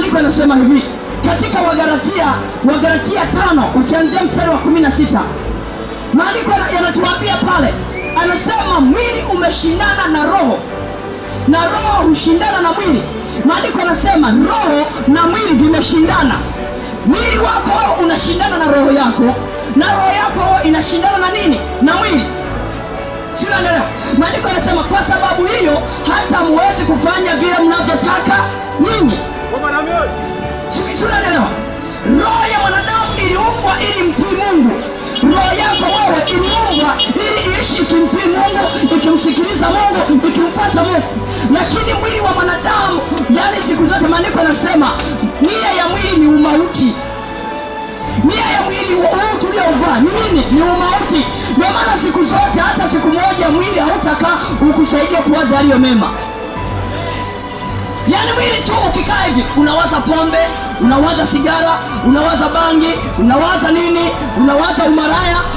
maandiko yanasema hivi katika Wagalatia, Wagalatia tano ukianzia mstari wa kumi na sita maandiko yanatuambia pale, anasema mwili umeshindana na roho na roho hushindana na mwili. Maandiko yanasema roho na mwili vimeshindana, mwili wako unashindana na roho yako na roho yako inashindana na nini? Na mwili. Sio, Maandiko yanasema kwa sababu hiyo Siunaelewa, roho ya mwanadamu iliumbwa ili mtii Mungu. Roho yako wewe iliumbwa ili iishi ikimtii Mungu, ikimsikiliza Mungu, ikimfata Mungu. Lakini mwili wa mwanadamu, yani siku zote maandiko nasema nia ya mwili ni umauti. Nia ya mwili huu tuliouvaa ni nini? Ni umauti. Ndio maana siku zote, hata siku moja mwili hautakaa ukusaidia kuwaza aliyo mema yani mwili tu ukikaa hivi unawaza pombe, unawaza sigara, unawaza bangi, unawaza nini, unawaza umaraya.